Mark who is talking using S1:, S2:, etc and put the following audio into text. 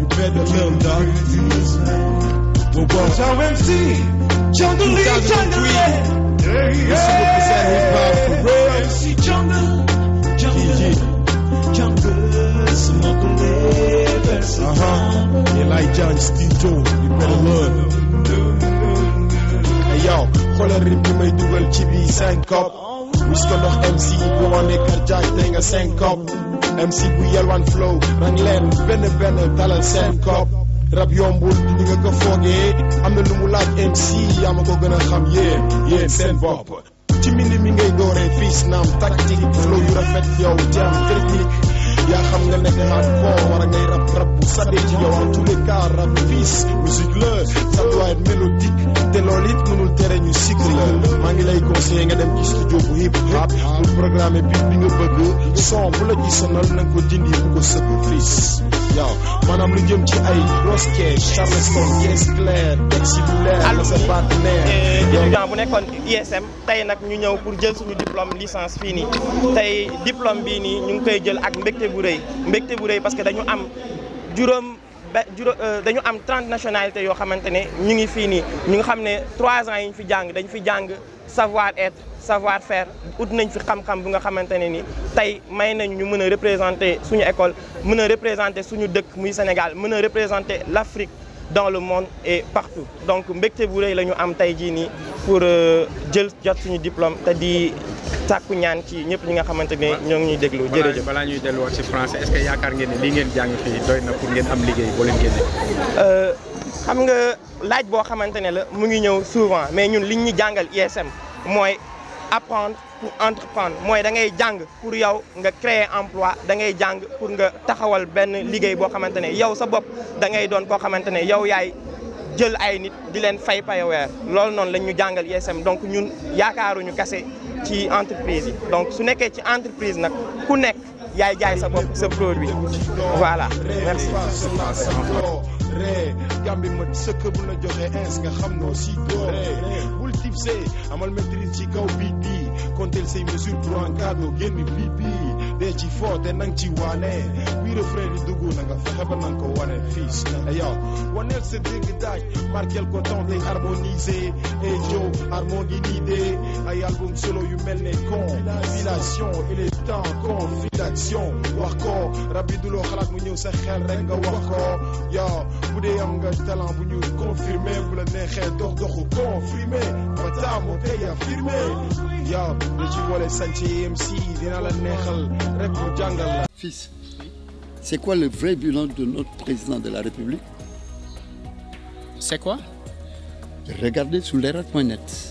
S1: You better live, dog. You listen. Well, well. Show MC, Jungle Lee, Jungle Lee. Yeah, yeah. yeah. MC Jungle, Jungle, Jungle, Smoke a little. Uh huh. Yeah, like John Steve Jones. You better oh, love. Hey, yo, xoolal rib bi may dugal ci bi syncope. Wis ko ndox MC money kër jaaj ne nga senkop MC bu yelwan flow rang leen benn benn dalal senkop rab yombul ni nga ko foogee am na lu mu laaj MC yaa ma ko gën a xam yéen yéen seen bopp ci mindi mi ngay dooree fiis naam tactique flow yu rafet yow jam critique yaa xam nga nekk hardcore war a ngay rab rab bu sadee ci yow en tous les rab fiis musique la ça doit être tere ñu cycle la maa ngi lay conseillé nga dem ci studio bu hip hop pour programmer bi bi nga bëgg son bu la ci sonal ko dindi bu ko sëpp please yow maanaam lu
S2: jëm ci ay roske charleston yes clair taxi bu leer sa partenaire étudiant bu nekkoon ISM tey nag ñu ñëw pour jël suñu diplôme licence fii nii tey diplôme bii nii ñu ngi koy jël ak mbégte bu rëy mbégte bu rëy parce que dañu am juróom ba euh, dañu am trente nationalités yoo xamante ne ñu ngi fii nii ñu nga xam ne trois ans yi ñu fi jàng dañu fi jàng savoir être savoir faire ut nañ fi xam-xam bu nga xamante ne ni tey may nañu ñu mën a représenter suñu école mën a représenter suñu dëkk muy Sénégal mën a représenter l'Afrique dans le monde et partout donc mbégte bu rëy la ñu am tey jii nii pour euh, jël jot suñu diplôme te di sàkku ñaan ci ñëpp ñi nga xamante ne ñoo ngi ñuy déglu jërëjëf balaa ñuy delluwaat ci français est-ce que yaakaar ngeen ne lii ngeen jàng fii doy na pour ngeen am liggéey boo leen génnee euh, xam nga laaj boo xamante ne la mu ngi ñëw souvent mais ñun li ñu jàngal ISM mooy apprendre pour mooy da ngay jàng pour yow nga créer emploi da ngay jàng pour nga taxawal benn liggéey boo xamante ne yow sa bopp da ngay doon koo xamante ne yow yaay jël ay nit di leen fay paye weer loolu noonu lañ ñu jàngal ISM donc ñun yaakaaruñu kase ci entreprise donc su nekkee ci entreprise nag ku nekk yaay jaay sa bopp sa produit voilà merci. ree gambi ma sëkk bu joxe ins nga xam noo si doo ree
S1: bul tipsee eh. amal ci kaw biit bii compter say mesures pour encadre génn biit bii dee ci foo te nang ci waane eh. wi refrain di dugg na nga fexe ba nang ko wane fiis eh. na yow waneel sa dégg daaj marquel ko temps tey harmonisé et jow harmonie l'idée eh. ay album solo yu mel ne compilation il est temps confidation wax ko rab du loo xalaat mu ñëw sa xel wax ko am nga talent bu ñu confirmé bu la neexee dox doxu confirmé ba taamu tey affirmé yow li ci boole sànci MC la neexal rek mu jàngal c'est quoi le vrai bilan de notre président de la République. c'est quoi. regardez sur leral.net.